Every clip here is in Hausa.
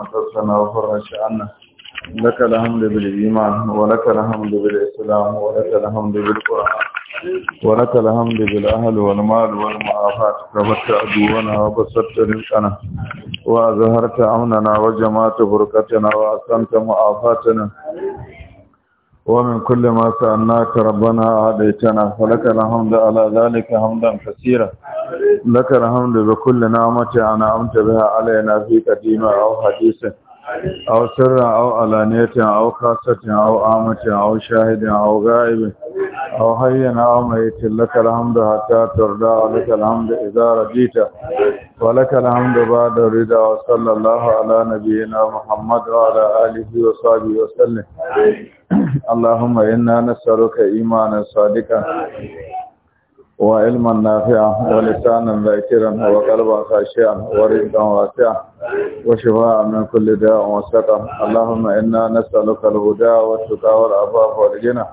أنفسنا وفرج عنا لك الحمد بالإيمان ولك الحمد بالإسلام ولك الحمد بالقرآن ولك الحمد بالأهل والمال والمعافات كبت عدونا وبسطت رزقنا وأظهرت أمننا وجمعت بركتنا وأحسنت معافاتنا ومن كل ما سألناك ربنا عاديتنا فلك الحمد على ذلك حمدا كثيرا لك الحمد بكل نعمة أنعمت بها علينا في قديم أو حديث أو سر أو علانية أو خاصة أو عامة أو شاهد أو غائب أو حي أو ميت لك الحمد حتى ترضى لك الحمد إذا رجيت ولك الحمد بعد الرضا وصلى الله على نبينا محمد وعلى آله وصحبه وسلم اللهم إنا نسألك إيمانا صادقا وعلما نافعا ولسانا ذاكرا وقلبا خاشعا ورزقا واسعا وشفاء من كل داء وسقم اللهم انا نسالك الهدى والتقى والعفاف والغنى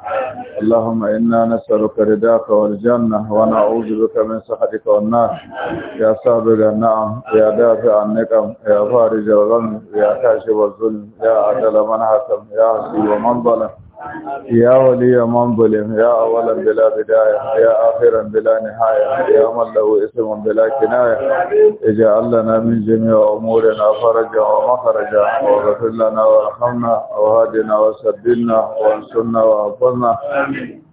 اللهم انا نسالك رضاك والجنه ونعوذ بك من سخطك والنار يا سابق النعم يا دافع النقم يا فارج الغم يا كاشف الظلم يا عدل من حكم يا عسي ومن ظلم يا ولي من ظلم يا أولا بلا بداية يا آخرا بلا نهاية يا من له اسم بلا كناية اجعل لنا من جميع أمورنا فرجا ومخرجا واغفر لنا وارحمنا وهادنا وسددنا وانصرنا وعفرنا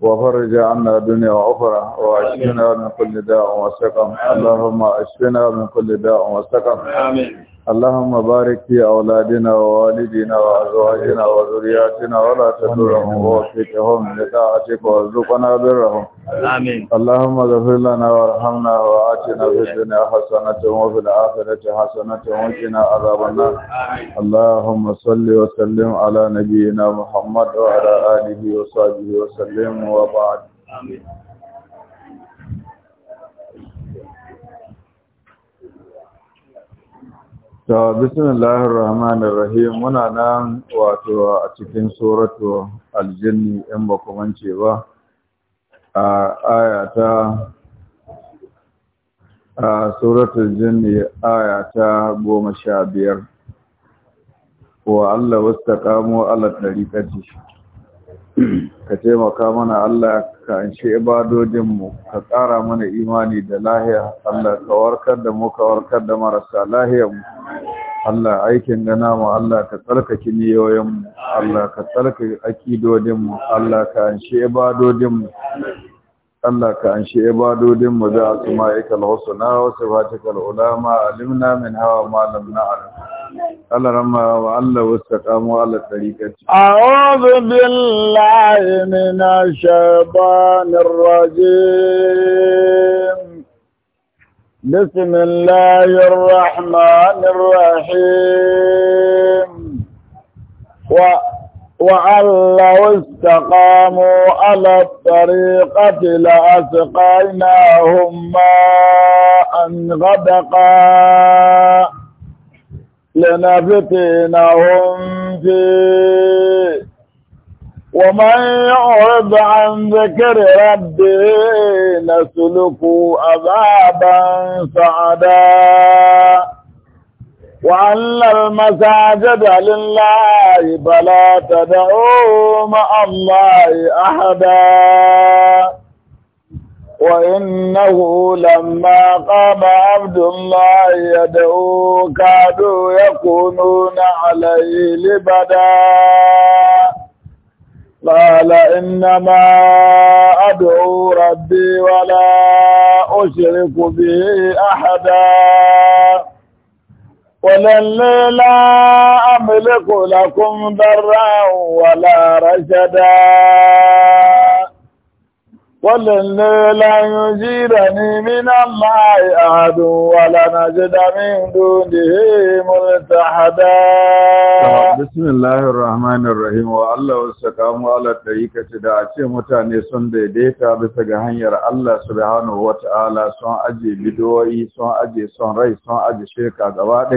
وفرج عنا دنيا وأخرى واشفنا من كل داء وسقم اللهم اشفنا من كل داء وسقم آمين اللهم بارك في أولادنا ووالدنا وأزواجنا وذرياتنا ولا تدرهم ووفقهم لطاعتك وارزقنا برهم آمين اللهم اغفر لنا وارحمنا وآتنا في الدنيا حسنة وفي الآخرة حسنة وقنا عذاب النار اللهم صل وسلم على نبينا محمد وعلى آله وصحبه وسلم وبعد آمين ta bismillahir rahmanir rahim muna nan wato a cikin suratu aljinni in ba ku mance ba a aya ta a suratul jinni aya ta biyar wa Allah Allah ala tariqati ka taimaka mana Allah ka anshe ibadodinmu ka ƙara mana imani da lahiya Allah ka warkar da mu ka warkar da marasa lahiyarmu Allah aikin gana mu Allah ka tsarkake niyoyin mu Allah ka tsarkake akidodin mu Allah ka anshe ibadodin mu Allah ka anshe ibadodin mu da asma'ikal husna wa sifatikal ulama alimna min hawa ma lam na'lam Allah ramma wa Allah wastaqamu ala tariqati a'udhu billahi minash shaitanir rajim بسم الله الرحمن الرحيم و وعلوا استقاموا على الطريقة لأسقيناهم ماء غدقا لنفتنهم فيه ومن يعرض عن ذكر ربه نسلكه عذابا صعدا وأن المساجد لله فلا تدعوا مع الله أحدا وإنه لما قام عبد الله يدعوه كادوا يكونون عليه لبدا قال إنما أدعو ربي ولا أشرك به أحدا وللي لا أملك لكم ضرا ولا رشدا waɗanda layin jira ni mina ma'ai a hadu wala na ji damin dundi multa hada bismillahir rahmanir rahim wa allah wasu kamo ala ta yi da a ce mutane sun daidaita bisa ga hanyar allah subhanahu wa ta'ala sun aje bidoyi sun aje son rai sun aje sheka gaba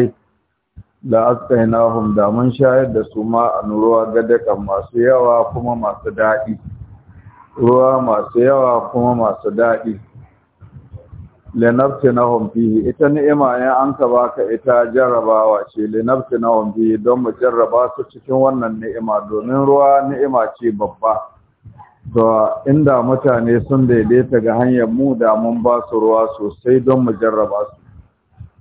da aska yana hum shayar da su ma a nuruwa gadakan masu yawa kuma masu daɗi ruwa masu yawa kuma masu daɗi lenafti na ita ni'ima ya an ka baka ita jarrabawa ce lenafti na homfihi don mu jarraba su cikin wannan ni'ima domin ruwa ni'ima ce babba da inda mutane sun daidaita ga hanyar mu da mun ba su ruwa sosai don mu jarraba su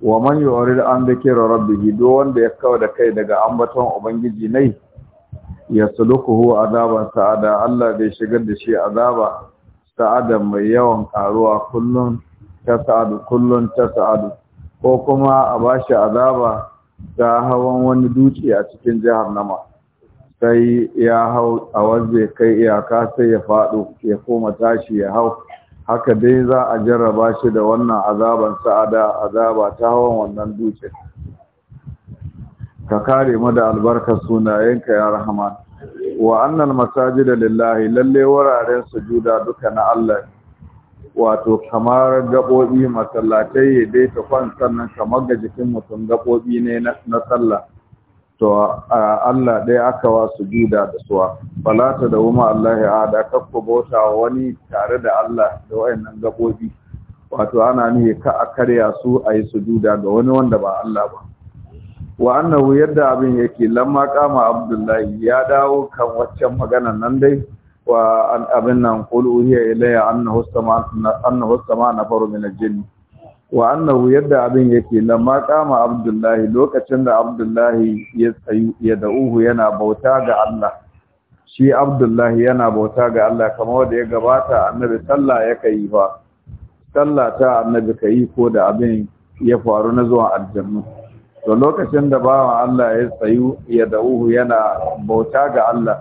wa man yurid an dhikra rabbih do wanda ya kawo da kai daga ambaton ubangiji nai Ya hu azaban sa'ada Allah zai shigar da shi azaba sa'ada mai yawan karuwa kullun ta sa'adu kullun ta sa'adu ko kuma a bashi azaba ta hawan wani dutse a cikin jihar nama sai ya hau a wanzu kai iyaka sai ya faɗo ya koma tashi ya hau haka dai za a jarraba shi da wannan azaban sa'ada azaba ta hawan wannan dutse. ka kare mu da albarkar sunayenka ya rahama' wa annal masajida lillahi lalle wuraren sujuda duka na Allah wato kamar gabobi masallatai dai ta kwan sannan kamar ga jikin mutum gabobi ne na sallah to Allah dai aka wa sujuda da suwa balata da wuma Allah ya ada kakku bauta wani tare da Allah da wayannan gabobi wato ana ne ka a karya su ayi sujuda ga wani wanda ba Allah ba wa annahu yadda abin yake lamma kama abdullahi ya dawo kan waccan magana nan dai wa an abin nan qulu hiya ilayya annahu sama'a annahu sama'a nafaru min al-jinn wa annahu yadda abin yake lamma kama abdullahi lokacin da abdullahi ya tsayu ya da'uhu yana bauta ga Allah shi abdullahi yana bauta ga Allah kamar wanda ya gabata annabi sallah ya kai ba sallah ta annabi kai ko da abin ya faru na zuwa aljannu to lokacin da bawan Allah ya tsayu ya da'uhu yana bauta ga Allah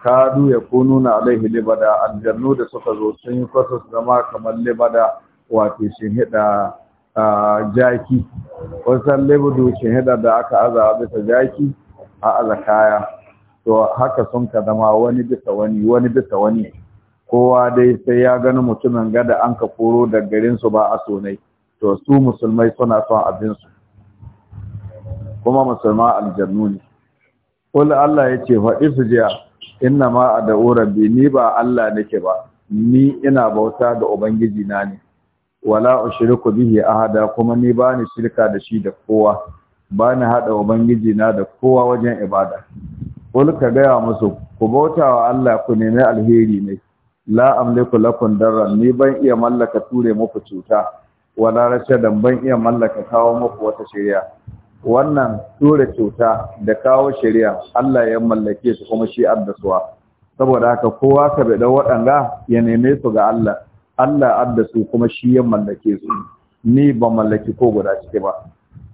kadu ya kununa alaihi libada aljannu da suka zo sun yi su zama kamar libada wato shi hida jaki wasan libudu shi hida da aka aza bisa jaki a aza to haka sun ka zama wani bisa wani wani bisa wani kowa dai sai ya gani mutumin gada an ka koro da garinsu ba a sonai to su musulmai suna son abin su. kuma musulma aljannu ne kul Allah ya ce faɗi su jiya inna ma a da rabbi ni ba Allah nake ba ni ina bauta da ubangiji na ne wala ushriku bihi ahada kuma ni ba ni shirka da shi da kowa ba ni haɗa ubangiji na da kowa wajen ibada kul ka gaya musu ku bauta wa Allah ku nemi alheri ne la amliku lakum darran ni ban iya mallaka ture muku cuta wala rashadan ban iya mallaka kawo muku wata shari'a wannan tura cuta da kawo shari'a Allah ya mallake su kuma shi addasuwa saboda haka kowa ka bada waɗanga, ya neme su ga Allah Allah addasu kuma shi ya mallake su ni ba mallaki ko guda cike ba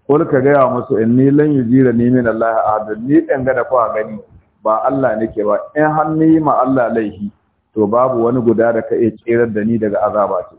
kul ka gaya musu inni lan yujira ni min Allah ahad ni dan ga da a gani ba Allah nake ba in har ni ma Allah laihi to babu wani guda da ka iya tsirar da ni daga azaba ce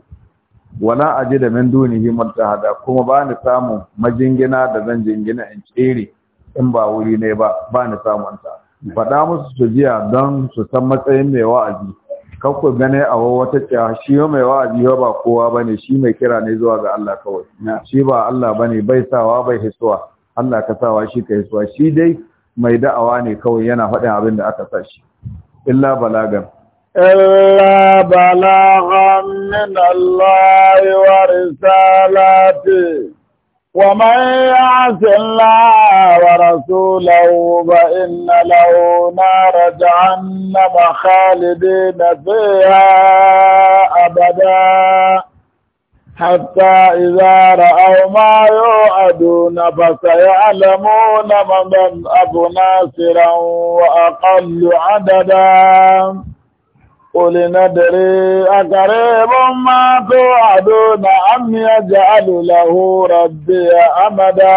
wala ajida min dunihi mutahada kuma ba ni samu majingina da zan jingina in tsere in ba wuri ne ba ba ni samun ta faɗa musu su jiya don su san matsayin mai wa'azi kakku gane a wata cewa shi mai wa'azi ba kowa bane shi mai kira ne zuwa ga Allah kawai shi ba Allah bane bai sawa bai hisuwa Allah ka sawa shi ka hisuwa shi dai mai da'awa ne kawai yana faɗin abin da aka sa shi illa balagan إلا بلاغا من الله ورسالاته ومن يعص الله ورسوله فإن له نار جهنم خالدين فيها أبدا حتى إذا رأوا ما يوعدون فسيعلمون من أبو ناصرا وأقل عددا Olè na dèrè àkàrè bó má tó àdó na àmì àjà àlòláhó rabbi ya amada.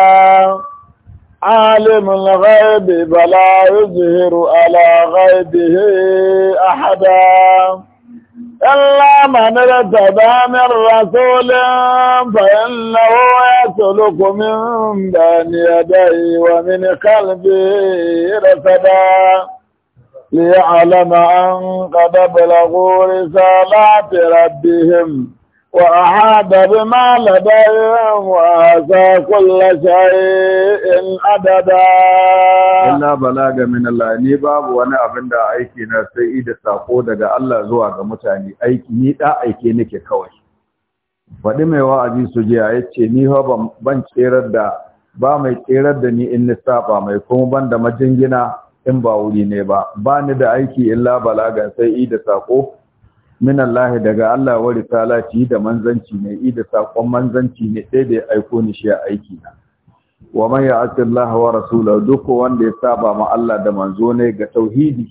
Àlè mú lọ gáìbì bàlá ìzìhìrù àlà gáìbì àhàdá. Ẹlá mà ní rẹ̀ tàbí àmìrì rásó lè ń fà ẹ̀lá ó ẹ̀sọ́ lókò mi ń bà ní àdáyíwa mi ليعلم أن قد بلغوا رسالات ربهم وأحاط بما لديهم وأتى كل شيء عددا إلا بلاغ من الله ni babu wani abin da a aiki na sai da sako daga Allah zuwa ga mutane aiki ni da aiki nake kawai faɗi mai wa'azi su je ya ce ni fa ban tserar da ba mai tserar da ni in ni mai kuma ban da majingina in ba wuri ne ba ba ni da aiki illa balaga sai i da sako min Allah daga Allah wa risalati da manzanci ne i da sakon manzanci ne sai da aiko ni shi aiki na wa man ya'ti Allah wa rasulahu duk wanda ya saba ma Allah da manzo ne ga tauhidi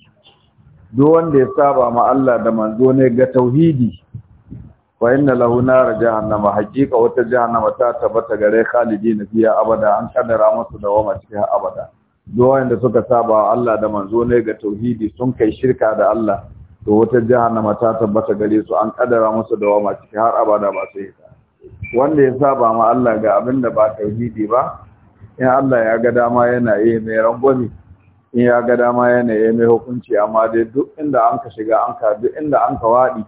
duk wanda ya saba ma Allah da manzo ne ga tauhidi wa inna lahu nar jahannama hakika wata jahannama ta tabbata gare khalidin fiya abada an kadara musu da wama cikin abada duk da suka saba Allah da manzo ne ga tauhidi sun kai shirka da Allah to wata jahannama mata tabbata gare su an kadara musu dawama ciki har abada ba sai wanda ya saba ma Allah ga abin da ba tauhidi ba in Allah ya ga dama yana yi mai rangwami in ya ga dama yana yi mai hukunci amma dai duk inda an ka shiga an ka duk inda an ka waɗi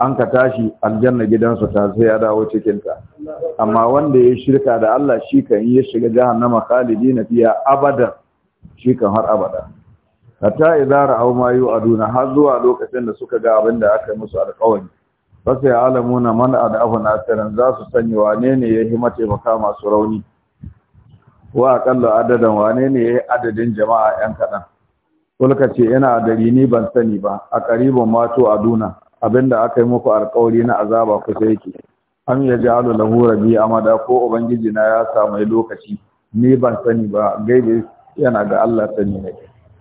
an ka tashi aljanna gidansa ta sai ya dawo cikinta amma wanda ya shirka da Allah shi kan yi shiga jahannama na fiya abada. shi kan har abada hatta idza ra'aw ma yu'aduna har zuwa lokacin da suka ga abin da aka yi musu alƙawari fa sai alamuna man adafu nasiran za su sanya wane ne ya mace maka masu rauni wa aqallu adadan wane ne ya adadin jama'a yan kadan kulka ce ina dari ni ban sani ba a qaribun mato aduna abinda aka yi muku alƙawari na azaba kusa yake am yaj'alu lahu rabi amada ko ubangiji na ya samu lokaci ni ban sani ba gaibe yana ga Allah sani ne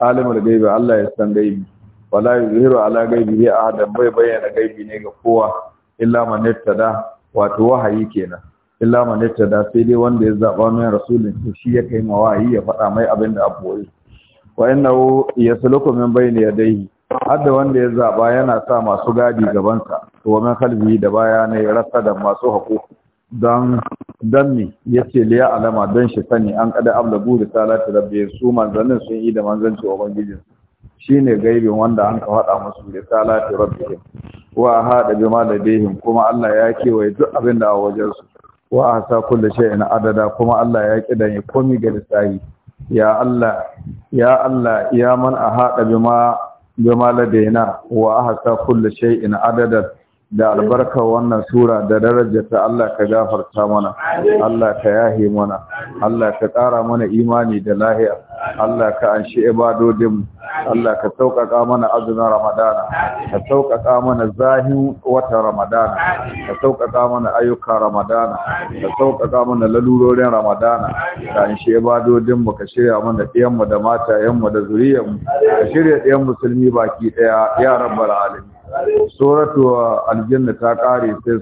alimul gaibi Allah ya san gaibi wala yuzhiru ala ya Adam bai bayyana gaibi ne ga kowa illa man ittada wato wahayi kenan illa man ittada sai dai wanda ya zaba mai rasulin to shi ya kai mawahi ya faɗa mai abin da aboye wa innahu yasluku min bayni yadayhi hadda wanda ya zaba yana sa masu gadi gabansa to wa kalbi da baya ne rasa da masu haƙo don don mi ya ce liya alama don shi sani an kada ablagu Salatu rabbi su manzannin sun yi da manzanci ubangijin shine gaibin wanda an ka faɗa musu da Salatu rabbi wa hada bima ladayhim kuma Allah ya kewaye duk abin da a wajen su wa kulle kullu shay'in adada kuma Allah ya kidanye komi ga lissahi ya Allah ya Allah ya man ahada bi bima ladaina, wa kulle kullu shay'in adada da albarkar wannan sura da daraja ta Allah ka gafarta mana Allah ka yahe mana Allah ka ƙara mana imani da lahiya Allah ka anshi ibadodin Allah ka sauƙaƙa mana azumin Ramadana ka sauƙaƙa mana zahin watan Ramadana ka sauƙaƙa mana ayyukan Ramadana ka sauƙaƙa mana lalurorin Ramadana ka anshi ibadodin mu ka shirya mana ɗiyan mu da matayen mu da zuriyar mu ka shirya ɗiyan musulmi baki ɗaya ya rabbal alamin suratu aljanna ta kare sai